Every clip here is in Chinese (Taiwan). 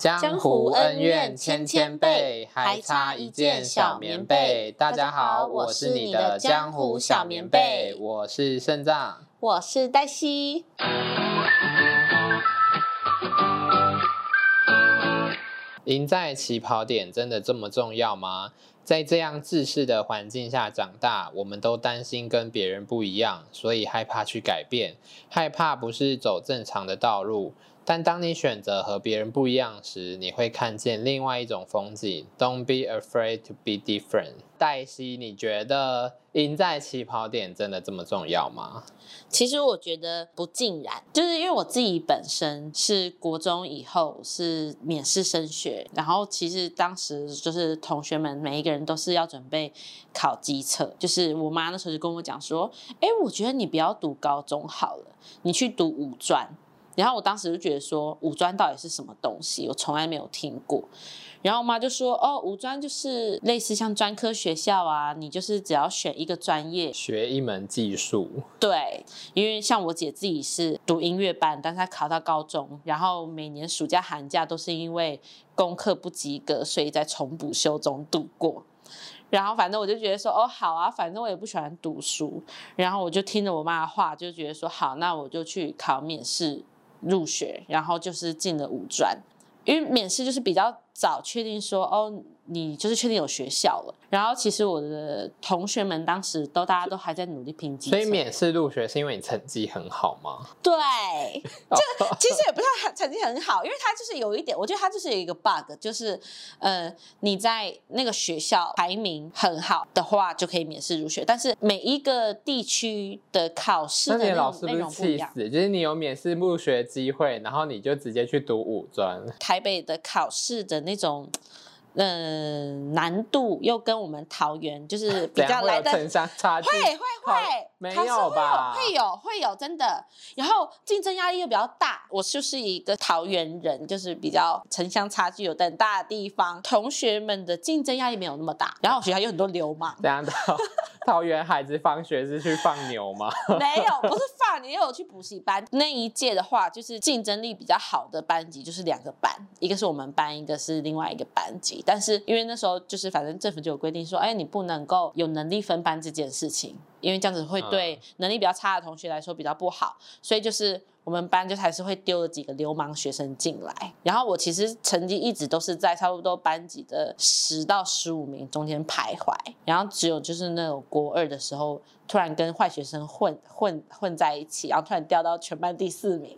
江湖恩怨千千倍，還差一件小棉被。大家好，我是你的江湖小棉被，我是腎臟，我是黛西。贏在起跑點真的這麼重要嗎？在這樣制式的環境下長大，我們都擔心跟別人不一樣，所以害怕去改變，害怕不是走正常的道路。但當你選擇和別人不一樣時，你會看見另外一種風景。Don't be afraid to be different。黛西，你覺得贏在起跑點真的這麼重要嗎？其實我覺得不盡然，就是因為我自己本身是國中以後是免試升學，然後其實當時就是同學們每一個人都是要準備考基測，就是我媽那時候就跟我講說：“哎，我覺得你不要讀高中好了，你去讀五專。”然後我當時就覺得說，五專到底是什麼東西？我從來沒有聽過。然後我媽就說：“哦，五專就是類似像專科學校啊，你就是只要選一個專業，學一門技術。對，因為像我姐自己是讀音樂班，但她考到高中，然後每年暑假寒假都是因為功課不及格，所以在重補修中度過。然後反正我就覺得說，哦，好啊，反正我也不喜歡讀書。然後我就聽了我媽的話，就覺得說，好，那我就去考免試。”入學，然後就是進了五專，因為免試就是比較早確定說哦。你就是確定有學校了，然後其實我的同學們當時都大家都還在努力拼績，所以免試入學是因為你成績很好嗎？對，這 其實也不是他成績很好，因為他就是有一點，我覺得他就是有一個 bug，就是呃你在那個學校排名很好的話就可以免試入學，但是每一個地區的考試的那，那你的老師不是氣死？就是你有免試入學機會，然後你就直接去讀五專，台北的考試的那種。嗯，難度又跟我們桃園就是比較來的城鄉差距，會會會，沒有吧？會有會有真的，然後競爭壓力又比較大。我就是一個桃園人，就是比較城鄉差距有點大的地方，同學們的競爭壓力沒有那麼大。然後學校有很多流氓，這樣的。 桃園孩子放學是去放牛嗎？ 沒有，不是放牛，你有去補習班。那一屆的話，就是競爭力比較好的班級，就是兩個班，一個是我們班，一個是另外一個班級。但是因為那時候就是，反正政府就有規定說，哎，你不能夠有能力分班這件事情。因為這樣子會對能力比較差的同學來說比較不好，嗯，所以就是我們班就還是會丟了幾個流氓學生進來。然後我其實成績一直都是在差不多班級的十到十五名中間徘徊。然後只有就是那種國二的時候，突然跟壞學生混混混在一起，然後突然掉到全班第四名。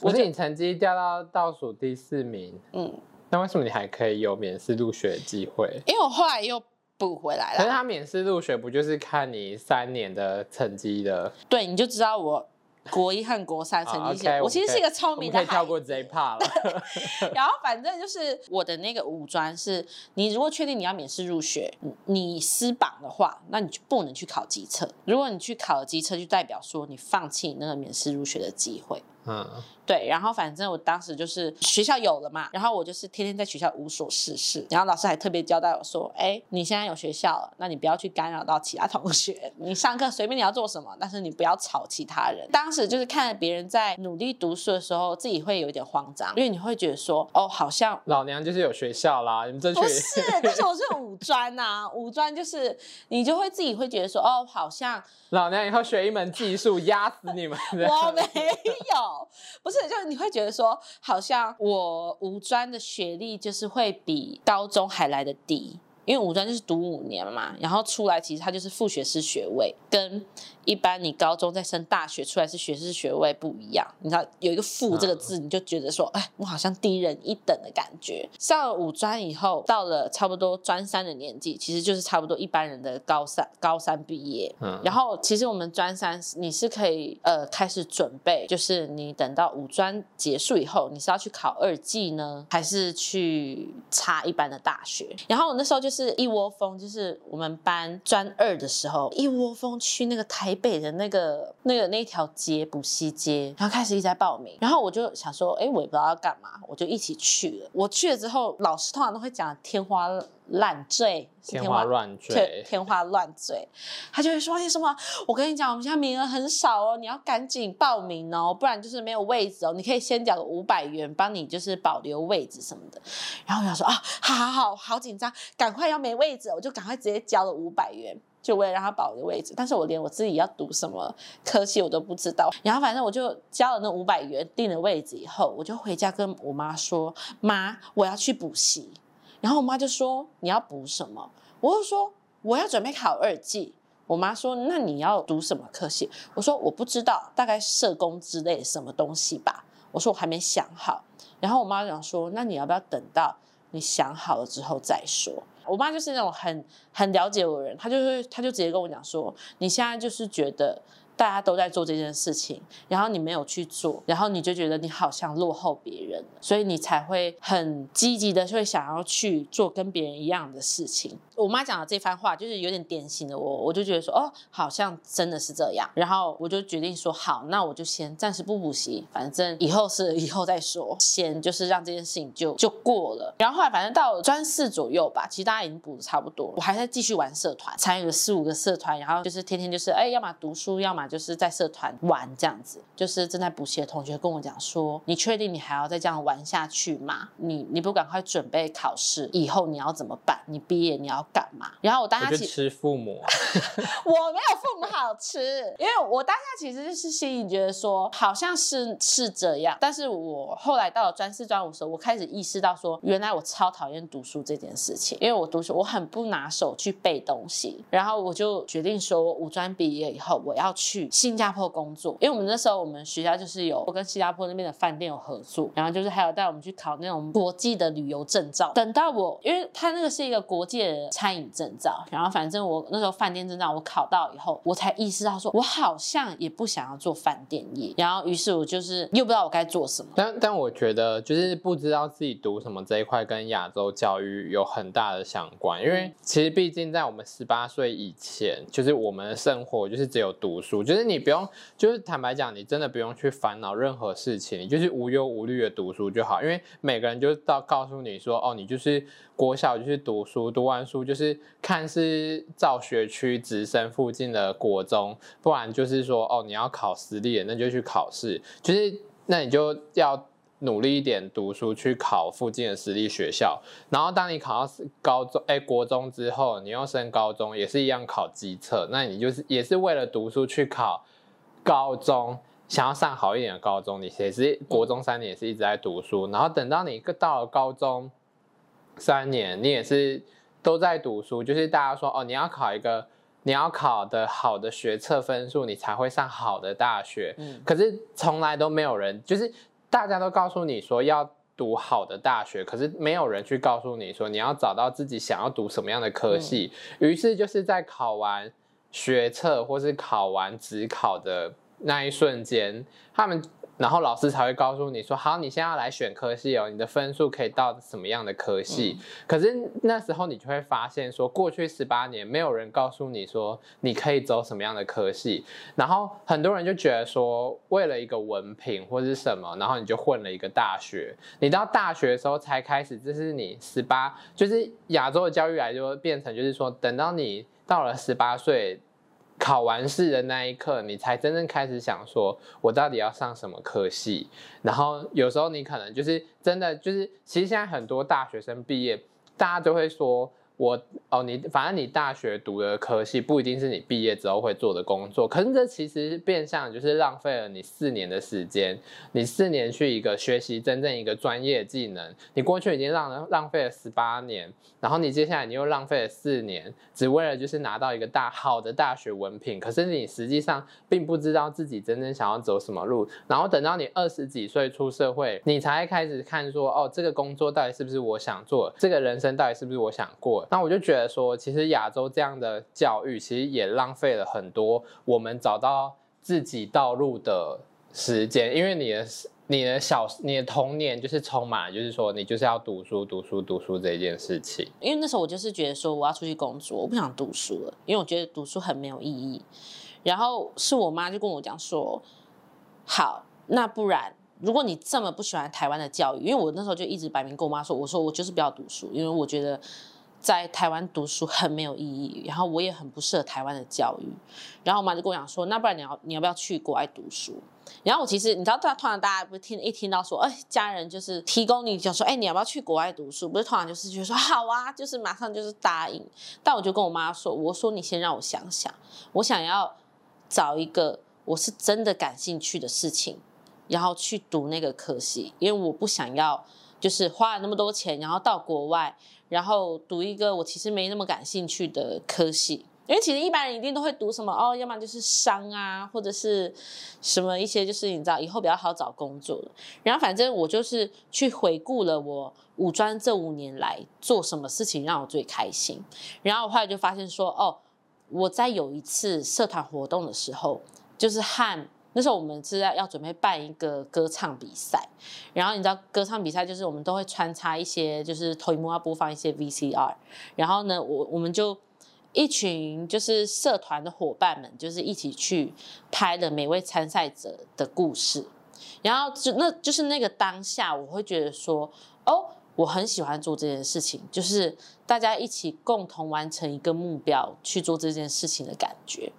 不 就是你成績掉到倒數第四名？嗯。那為什麼你還可以有免試入學的機會？因為我後來又。不回來了。可是他免試入學不就是看你三年的成績的？對，你就知道我國一和國三成績線。Oh, okay, 我其實是一個聰明的我可，海我可以跳過 Z p a 了。 然後反正就是我的那個五專是，你如果確定你要免試入學，你私榜的話，那你就不能去考基測。如果你去考了基測，就代表說你放棄你那個免試入學的機會。嗯，對，然後反正我當時就是學校有了嘛，然後我就是天天在學校無所事事，然後老師還特別交代我說，哎、欸，你現在有學校了，那你不要去干擾到其他同學，你上課隨便你要做什麼，但是你不要吵其他人。當時就是看着別人在努力讀書的時候，自己會有一點慌張，因為你會覺得說，哦，好像老娘就是有學校啦，你們正確，校。是，但是我是。專啊，五專就是你就會自己會覺得說，哦，好像老娘以後學一門技術壓死你們。 我沒有，不是，就是你會覺得說，好像我五專的學歷就是會比高中還來得低，因為五專就是讀五年嘛，然後出來其實它就是副學士學位跟。一般你高中再升大學出來是學士學位不一樣，你知道有一個“副”這個字，你就覺得說，哎，我好像低人一等的感覺。上了五專以後，到了差不多專三的年紀，其實就是差不多一般人的高三，高三畢業。嗯。然後其實我們專三你是可以呃開始準備，就是你等到五專結束以後，你是要去考二技呢，還是去插一般的大學？然後那時候就是一窩蜂，就是我們班專二的時候，一窩蜂去那個台。北的那個那個那一條街補習街，然後開始一直在報名，然後我就想說，哎，我也不知道要幹嘛，我就一起去了。我去了之後，老師通常都會講天花亂墜，天花，天花亂墜天，天花亂墜。他就會說：“哎，什麼？我跟你講，我們現在名額很少哦，你要趕緊報名哦，不然就是沒有位置哦。你可以先交個五百元，幫你就是保留位置什麼的。”然後我就說：“啊，好好好，好緊張，趕快要沒位置哦，我就趕快直接交了五百元。”就為了讓他保個位置，但是我連我自己要讀什麼科系我都不知道。然後反正我就交了那五百元定了位置以後，我就回家跟我媽說：“媽，我要去補習。”然後我媽就說：“你要補什麼？”我就說：“我要準備考二技。”我媽說：“那你要讀什麼科系？”我說：“我不知道，大概社工之類什麼東西吧。”我說：“我還沒想好。”然後我媽就講說：“那你要不要等到你想好了之後再說？”我媽就是那種很很了解我的人，她就是她就直接跟我講說，你現在就是覺得。大家都在做這件事情，然後你沒有去做，然後你就覺得你好像落後別人，所以你才會很積極的會想要去做跟別人一樣的事情。我媽講的這番話就是有點典型的我，我就覺得說哦，好像真的是這樣。然後我就決定說好，那我就先暫時不補習，反正以後是以後再說，先就是讓這件事情就就過了。然後後來反正到專四左右吧，其實大家已經補的差不多了，我還在繼續玩社團，參與了四五個社團，然後就是天天就是哎，要麼讀書，要麼。就是在社團玩這樣子，就是正在補習的同學跟我講說：“你確定你還要再這樣玩下去嗎？你你不趕快準備考試，以後你要怎麼辦？你畢業你要幹嘛？”然後我當下其實吃父母、啊， 我沒有父母好吃， 因為我當下其實是心裡覺得說好像是是這樣，但是我後來到了專四專五的時候，我開始意識到說，原來我超討厭讀書這件事情，因為我讀書我很不拿手去背東西，然後我就決定說，五專畢業以後我要去。去新加坡工作，因為我們那時候我們學校就是有我跟新加坡那邊的飯店有合作，然後就是還有帶我們去考那種國際的旅遊證照。等到我，因為他那個是一個國際的餐飲證照，然後反正我那時候飯店證照我考到以後，我才意識到說，我好像也不想要做飯店業。然後，於是我就是又不知道我該做什麼。但但我覺得就是不知道自己讀什麼這一塊，跟亞洲教育有很大的相關，因為其實畢竟在我們十八歲以前，就是我們的生活就是只有讀書。就是你不用，就是坦白講，你真的不用去煩惱任何事情，就是無憂無慮的讀書就好。因為每個人就是到告訴你說，哦，你就是國小就是讀書，讀完書就是看是照學區直升附近的國中，不然就是說，哦，你要考私立，那就去考試，就是那你就要。努力一點讀書去考附近的私立學校，然後當你考到高中哎，國中之後，你又升高中也是一樣考基測，那你就是也是為了讀書去考高中，想要上好一點的高中，你也是國中三年也是一直在讀書，然後等到你到了高中三年，你也是都在讀書，就是大家說哦你要考一個你要考的好的學測分數，你才會上好的大學，嗯、可是從來都沒有人就是。大家都告訴你說要讀好的大學，可是沒有人去告訴你說你要找到自己想要讀什麼樣的科系。嗯、於是就是在考完學測或是考完指考的那一瞬間，他們。然後老師才會告訴你說，好，你現在要來選科系哦，你的分數可以到什麼樣的科系？嗯。可是那時候你就會發現說，過去十八年沒有人告訴你說你可以走什麼樣的科系，然後很多人就覺得說，為了一個文憑或者什麼，然後你就混了一個大學。你到大學的時候才開始，這是你十八，就是亞洲的教育來說，變成就是說，等到你到了十八歲。考完試的那一刻，你才真正開始想說，我到底要上什麼科系？然後有時候你可能就是真的就是，其實現在很多大學生畢業，大家都會說。我，哦，你，反正你大學讀的科系不一定是你畢業之後會做的工作，可是這其實變相就是浪費了你四年的時間。你四年去一個學習真正一個專業技能，你過去已經浪浪費了十八年，然後你接下來你又浪費了四年，只為了就是拿到一個大好的大學文憑，可是你實際上並不知道自己真正想要走什麼路，然後等到你二十幾歲出社會，你才開始看說，哦，這個工作到底是不是我想做，這個人生到底是不是我想過。那我就覺得說，其實亞洲這樣的教育，其實也浪費了很多我們找到自己道路的時間。因為你的、你的小、你的童年就是充滿，就是說你就是要讀書、讀書、讀書這件事情。因為那時候我就是覺得說，我要出去工作，我不想讀書了，因為我覺得讀書很沒有意義。然後是我媽就跟我講說：“好，那不然如果你這麼不喜歡台灣的教育，因為我那時候就一直擺明跟我媽說，我說我就是不要讀書，因為我覺得。”在台灣讀書很沒有意義，然後我也很不適合台灣的教育，然後我媽就跟我講說，那不然你要你要不要去國外讀書？然後我其實你知道，突然大家不是聽一聽到說，哎，家人就是提供你就說，哎，你要不要去國外讀書？不是通常就是就說好啊，就是馬上就是答應。但我就跟我媽說，我說你先讓我想想，我想要找一個我是真的感興趣的事情，然後去讀那個科系，因為我不想要就是花了那麼多錢，然後到國外。然後讀一個我其實沒那麼感興趣的科系，因為其實一般人一定都會讀什麼哦，要麼就是商啊，或者是什麼一些就是你知道以後比較好找工作。然後反正我就是去回顧了我五專這五年來做什麼事情讓我最開心。然後我後來就發現說，哦，我在有一次社團活動的時候，就是和。那時候我們是在要準備辦一個歌唱比賽，然後你知道歌唱比賽就是我們都會穿插一些，就是投影幕要播放一些 VCR，然後呢，我我們就一群就是社團的夥伴們，就是一起去拍了每位參賽者的故事，然後就那就是那個當下，我會覺得說，哦，我很喜歡做這件事情，就是大家一起共同完成一個目標去做這件事情的感覺，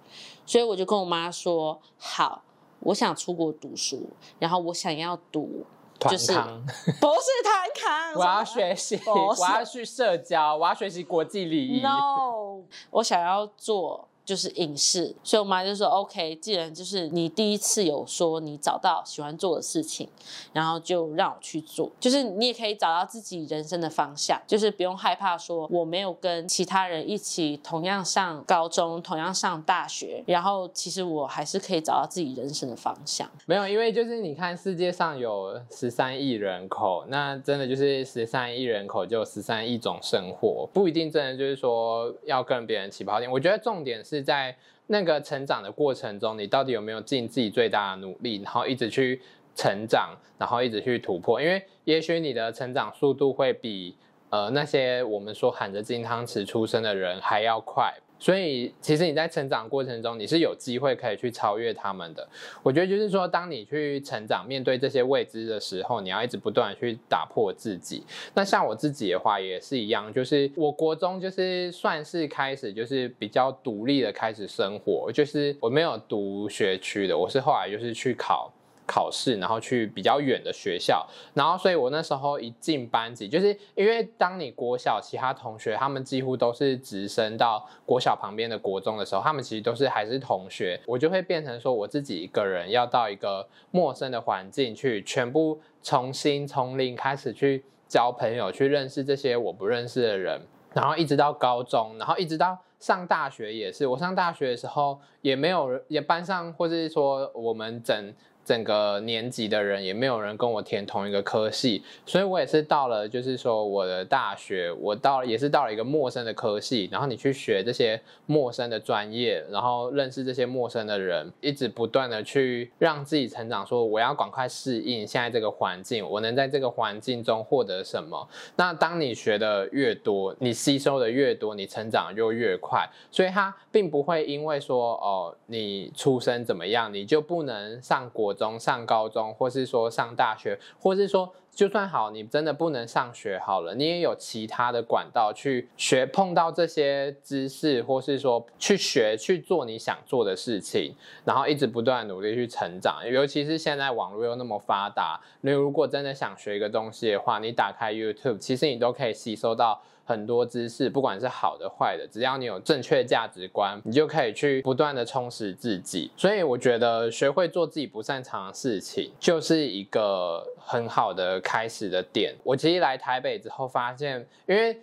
所以我就跟我媽說好。我想出國讀書，然後我想要讀，就是博士，團康，不是團康 我要學習，我要去社交，我要學習國際禮儀。No，我想要做。就是影視，所以我媽就說：“OK，既然就是你第一次有說你找到喜歡做的事情，然後就讓我去做，就是你也可以找到自己人生的方向，就是不用害怕說我沒有跟其他人一起同樣上高中，同樣上大學，然後其實我還是可以找到自己人生的方向。”沒有，因為就是你看世界上有十三億人口，那真的就是十三億人口就有十三億種生活，不一定真的就是說要跟別人起跑點。我覺得重點是。在那個成長的過程中，你到底有沒有盡自己最大的努力，然後一直去成長，然後一直去突破？因為也許你的成長速度會比呃那些我們說喊着金湯匙出生的人還要快。所以，其實你在成長過程中，你是有機會可以去超越他們的。我覺得就是說，當你去成長，面對這些未知的時候，你要一直不斷去打破自己。那像我自己的話也是一樣，就是我國中就是算是開始就是比較獨立的開始生活，就是我沒有讀學區的，我是後來就是去考。考試，然後去比較遠的學校，然後，所以我那時候一進班級，就是因為當你國小其他同學他們幾乎都是直升到國小旁邊的國中的時候，他們其實都是還是同學，我就會變成說我自己一個人要到一個陌生的環境去，全部重新從零開始去交朋友，去認識這些我不認識的人，然後一直到高中，然後一直到上大學也是，我上大學的時候也沒有也班上，或者是說我們整。整個年級的人也沒有人跟我填同一個科系，所以我也是到了，就是說我的大學，我到也是到了一個陌生的科系，然後你去學這些陌生的專業，然後認識這些陌生的人，一直不斷的去讓自己成長，說我要趕快適應現在這個環境，我能在這個環境中獲得什麼？那當你學的越多，你吸收的越多，你成長就越快，所以他並不會因為說哦你出生怎麼樣，你就不能上國。中上高中，或是說上大學，或是說就算好，你真的不能上學好了，你也有其他的管道去學，碰到這些知識，或是說去學去做你想做的事情，然後一直不斷努力去成長。尤其是現在網絡又那麼發達，你如果真的想學一個東西的話，你打開 YouTube，其實你都可以吸收到。很多知識，不管是好的壞的，只要你有正確價值觀，你就可以去不斷的充實自己。所以我覺得學會做自己不擅長的事情，就是一個很好的開始的點。我其實來台北之後發現，因為，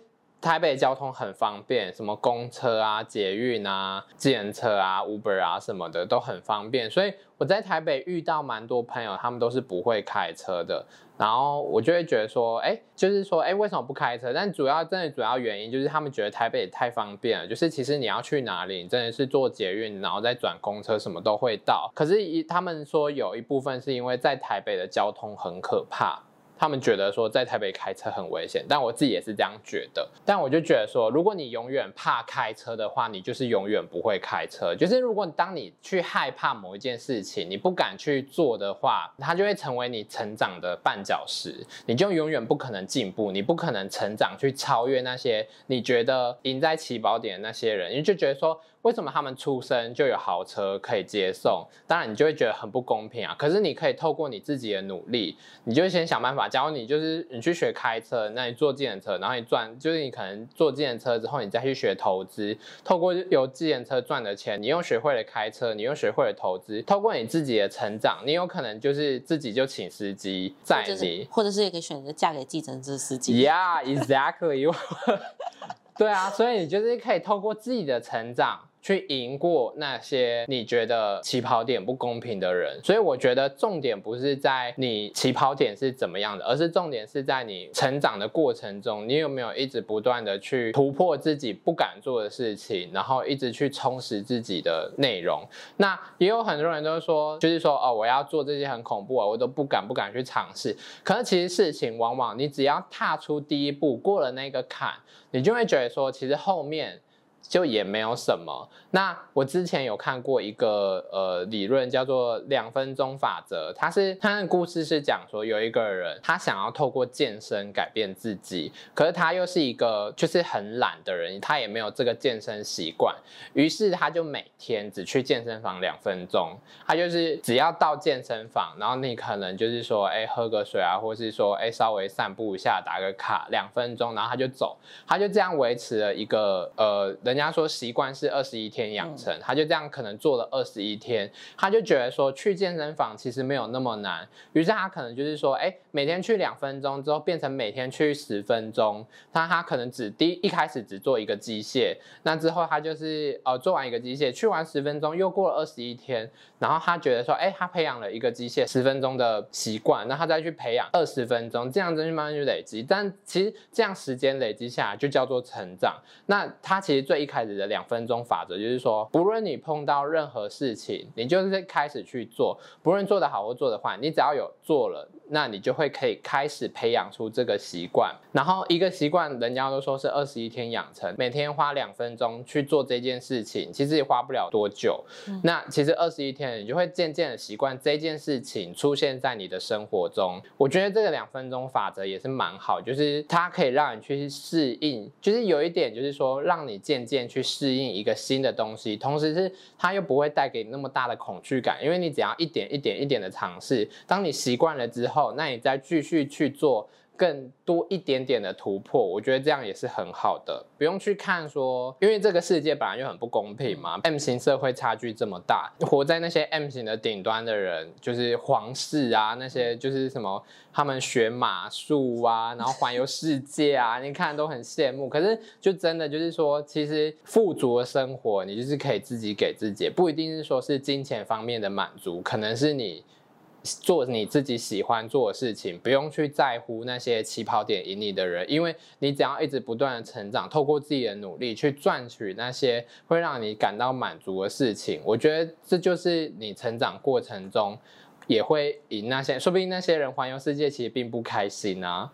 台北交通很方便，什麼公車啊、捷運啊、自行車啊、Uber 啊什麼的都很方便。所以我在台北遇到蠻多朋友，他們都是不會開車的，然後我就會覺得說，哎、欸，就是說，哎、欸，為什麼不開車？但主要真的主要原因就是他們覺得台北太方便了，就是其實你要去哪裡，你真的是坐捷運，然後再轉公車，什麼都會到。可是，一他們說有一部分是因為在台北的交通很可怕。他們覺得說在台北開車很危險，但我自己也是這樣覺得。但我就覺得說，如果你永遠怕開車的話，你就是永遠不會開車。就是如果當你去害怕某一件事情，你不敢去做的話，它就會成為你成長的絆腳石，你就永遠不可能進步，你不可能成長去超越那些你覺得贏在起跑點的那些人，你就覺得說。為什麼他們出生就有豪車可以接送？當然你就會覺得很不公平啊！可是你可以透過你自己的努力，你就先想辦法。教你就是你去學開車，那你坐自行車，然後你賺，就是你可能坐自行車之後，你再去學投資。透過由自行車賺的錢，你又學會了開車，你又學會了投資。透過你自己的成長，你有可能就是自己就請司機載你或，或者是也可以選擇嫁給計程車司機。Yeah, exactly. 對啊，所以你就是可以透過自己的成長。去贏過那些你覺得起跑點不公平的人，所以我覺得重點不是在你起跑點是怎麼樣的，而是重點是在你成長的過程中，你有沒有一直不斷的去突破自己不敢做的事情，然後一直去充實自己的內容。那也有很多人都說，就是說哦，我要做這些很恐怖啊，我都不敢不敢去嘗試。可是其實事情往往你只要踏出第一步，過了那個坎，你就會覺得說，其實後面。就也沒有什麼。那我之前有看過一個呃理論，叫做兩分鐘法則。他是他的故事是講說，有一個人他想要透過健身改變自己，可是他又是一個就是很懶的人，他也沒有這個健身習慣。於是他就每天只去健身房兩分鐘。他就是只要到健身房，然後你可能就是說，欸，喝個水啊，或是說，欸，稍微散步一下，打個卡兩分鐘，然後他就走。他就這樣維持了一個呃人。人家說習慣是二十一天養成，他就這樣可能做了二十一天，他就覺得說去健身房其實沒有那麼難，於是他可能就是說，哎，每天去兩分鐘之後變成每天去十分鐘，那他可能只第一，一開始只做一個機械，那之後他就是呃做完一個機械去完十分鐘，又過了二十一天，然後他覺得說，哎，他培養了一個機械十分鐘的習慣，那他再去培養二十分鐘，這樣子就慢慢就累積，但其實這樣時間累積下來就叫做成長，那他其實最開始的兩分鐘法則，就是說，不論你碰到任何事情，你就是開始去做，不論做得好或做得壞，你只要有做了。那你就會可以開始培養出這個習慣，然後一個習慣，人家都說是二十一天養成，每天花兩分鐘去做這件事情，其實也花不了多久。嗯、那其實二十一天，你就會漸漸的習慣這件事情出現在你的生活中。我覺得這個兩分鐘法則也是蠻好，就是它可以讓你去適應，就是有一點就是說讓你漸漸去適應一個新的東西，同時是它又不會帶給你那麼大的恐懼感，因為你只要一點一點一點的嘗試，當你習慣了之後。後，那你再繼續去做更多一點點的突破，我覺得這樣也是很好的。不用去看說，因為這個世界本來就很不公平嘛，M 型社會差距這麼大，活在那些 M 型的頂端的人，就是皇室啊，那些就是什麼，他們學馬術啊，然後環遊世界啊， 你看都很羨慕。可是就真的就是說，其實富足的生活，你就是可以自己給自己，不一定是說是金錢方面的滿足，可能是你。做你自己喜歡做的事情，不用去在乎那些起跑點贏你的人，因為你只要一直不斷的成長，透過自己的努力去賺取那些會讓你感到滿足的事情。我覺得這就是你成長過程中也會贏那些，說不定那些人環遊世界其實並不開心啊。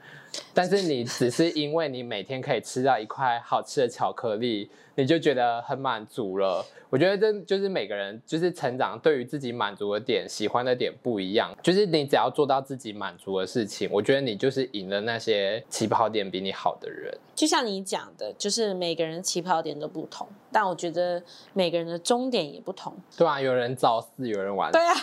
但是你只是因為你每天可以吃到一塊好吃的巧克力，你就覺得很滿足了。我覺得這就是每個人就是成長對於自己滿足的點、喜歡的點不一樣。就是你只要做到自己滿足的事情，我覺得你就是贏了那些起跑點比你好的人。就像你講的，就是每個人起跑點都不同，但我覺得每個人的終點也不同。對啊，有人早死，有人晚死。對啊，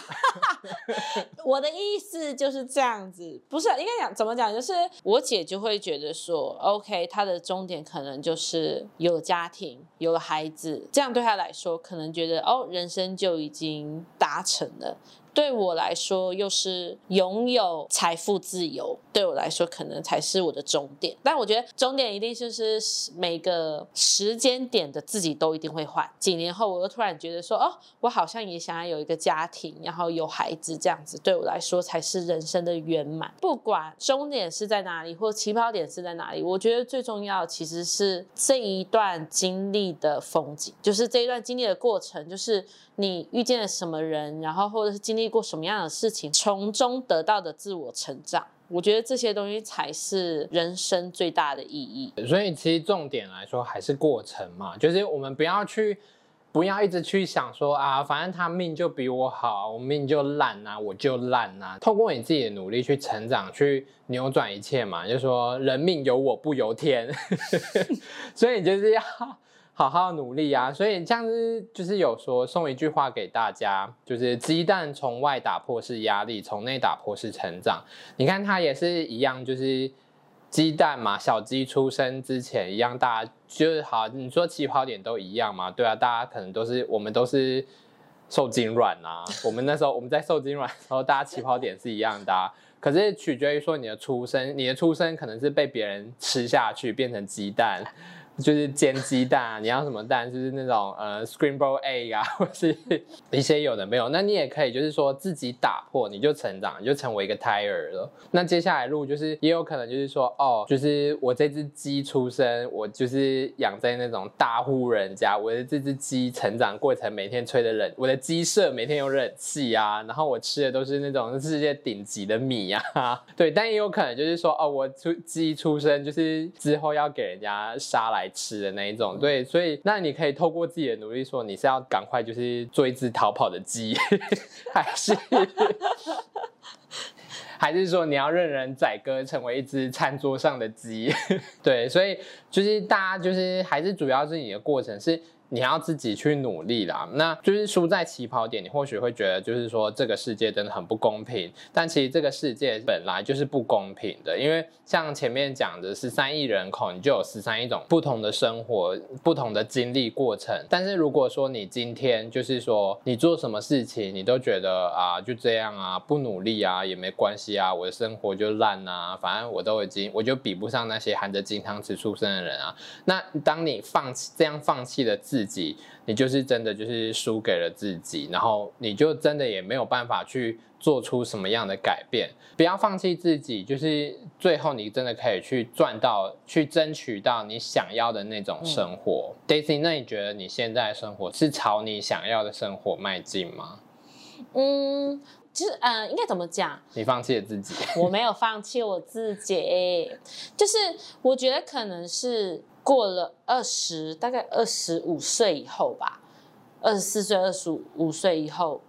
我的意思就是這樣子，不是應該講怎麼講？就是我。我姐就會覺得說，OK，她的終點可能就是有家庭，有孩子，這樣對她來說，可能覺得，哦，人生就已經達成了。對我來說，又是擁有財富自由。對我來說，可能才是我的終點。但我覺得終點一定就是每個時間點的自己都一定會換。幾年後，我又突然覺得說，哦，我好像也想要有一個家庭，然後有孩子，這樣子對我來說才是人生的圓滿。不管終點是在哪裡，或起跑點是在哪裡，我覺得最重要的其實是這一段經歷的風景，就是這一段經歷的過程，就是。你遇見了什麼人，然後或者是經歷過什麼樣的事情，從中得到的自我成長，我覺得這些東西才是人生最大的意義。所以其實重點來說還是過程嘛，就是我們不要去，不要一直去想說啊，反正他命就比我好，我命就爛啊，我就爛啊。透過你自己的努力去成長，去扭轉一切嘛，就是說人命由我不由天。 所以你就是要。好好努力啊！所以這樣子就是有說送一句話給大家，就是雞蛋從外打破是壓力，從內打破是成長。你看它也是一樣，就是雞蛋嘛，小雞出生之前一樣，大家就是好。你說起跑點都一樣嘛？對啊，大家可能都是我們都是受精卵啊。 我們那時候我們在受精卵的時候，大家起跑點是一樣的啊。可是取決於說你的出生，你的出生可能是被別人吃下去變成雞蛋。就是煎雞蛋，啊，你要什麼蛋？就是那種呃 scramble egg 啊，或是一些有的沒有，那你也可以就是說自己打破，你就成長，你就成為一個胎兒了。那接下來路就是也有可能就是說，哦，就是我這隻雞出生，我就是養在那種大戶人家，我的這隻雞成長過程每天吹的冷，我的雞舍每天有冷氣啊，然後我吃的都是那種世界頂級的米啊，對，但也有可能就是說，哦，我出雞出生就是之後要給人家殺來吃的那一種，對，所以那你可以透過自己的努力，說你是要趕快就是做一隻逃跑的雞， 還是還是說你要任人宰割，成為一隻餐桌上的雞？ 對，所以就是大家就是還是主要是你的過程是。你還要自己去努力啦，那就是輸在起跑點。你或許會覺得，就是說這個世界真的很不公平。但其實這個世界本來就是不公平的，因為像前面講的十三億人口，你就有十三億種不同的生活、不同的經歷過程。但是如果說你今天就是說你做什麼事情，你都覺得啊，就這樣啊，不努力啊，也沒關係啊，我的生活就爛啊，反正我都已經我就比不上那些含着金湯匙出生的人啊。那當你放棄這樣放棄了自，自己，你就是真的就是輸給了自己，然後你就真的也沒有辦法去做出什麼樣的改變。不要放棄自己，就是最後你真的可以去賺到，去爭取到你想要的那種生活。嗯、Daisy，那你覺得你現在的生活是朝你想要的生活邁進嗎？嗯，其實嗯，應該怎麼講？你放棄了自己？我沒有放棄我自己，就是我覺得可能是。過了二十，大概二十五歲以後吧，二十四歲、二十五歲以後，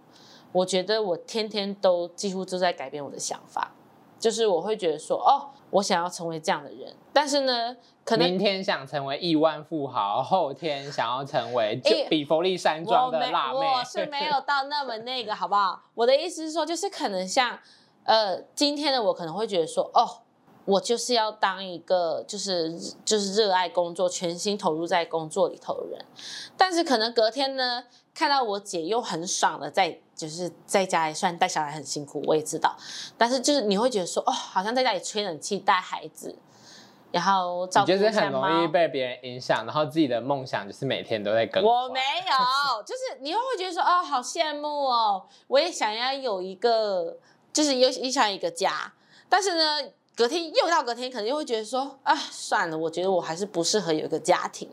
我覺得我天天都幾乎都在改變我的想法，就是我會覺得說，哦，我想要成為這樣的人，但是呢，可能明天想成為億萬富豪，後天想要成為比佛利山莊的辣妹、欸我，我是沒有到那麼那個， 好不好？我的意思是說，就是可能像呃，今天的我可能會覺得說，哦。我就是要當一個就是就是熱愛工作、全心投入在工作裡頭的人，但是可能隔天呢，看到我姐又很爽的，在就是在家裡，算帶小孩很辛苦，我也知道，但是就是你會覺得說，哦，好像在家裡吹冷氣帶孩子，然後就是很容易被別人影響，然後自己的夢想就是每天都在更。我沒有，就是你會覺得說，哦，好羨慕哦，我也想要有一個，就是有也想一個家，但是呢。隔天又到隔天，可能又會覺得說啊，算了，我覺得我還是不適合有一個家庭。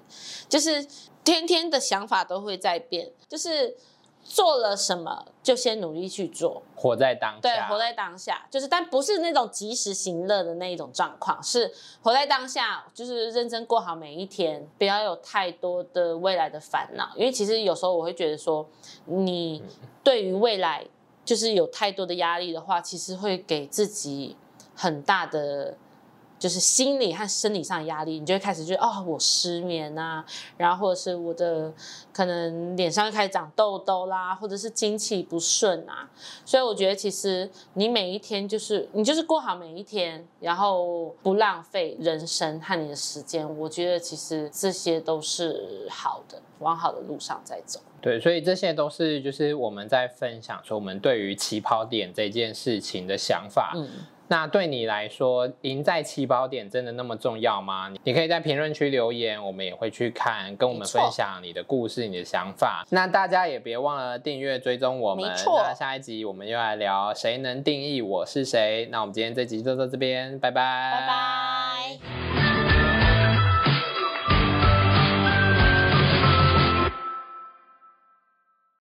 就是天天的想法都會在變，就是做了什麼就先努力去做，活在當下。對，活在當下，就是但不是那種及時行樂的那一種狀況，是活在當下，就是認真過好每一天，不要有太多的未來的煩惱。嗯。因為其實有時候我會覺得說，你對於未來就是有太多的壓力的話，其實會給自己。很大的就是心理和生理上的壓力，你就會開始覺得哦，我失眠啊，然後或者是我的可能臉上就開始長痘痘啦，或者是精氣不順啊。所以我覺得，其實你每一天就是你就是過好每一天，然後不浪費人生和你的時間。我覺得其實這些都是好的，往好的路上在走。對，所以這些都是就是我們在分享說我們對於起跑點這件事情的想法。嗯。那對你來說，贏在起跑點真的那麼重要嗎？你可以在評論區留言，我們也會去看，跟我們分享你的故事。沒錯。你的想法。那大家也別忘了訂閱、追蹤我們。沒錯。那下一集我們又來聊誰能定義我是誰。那我們今天這集就到這邊，拜拜。拜拜。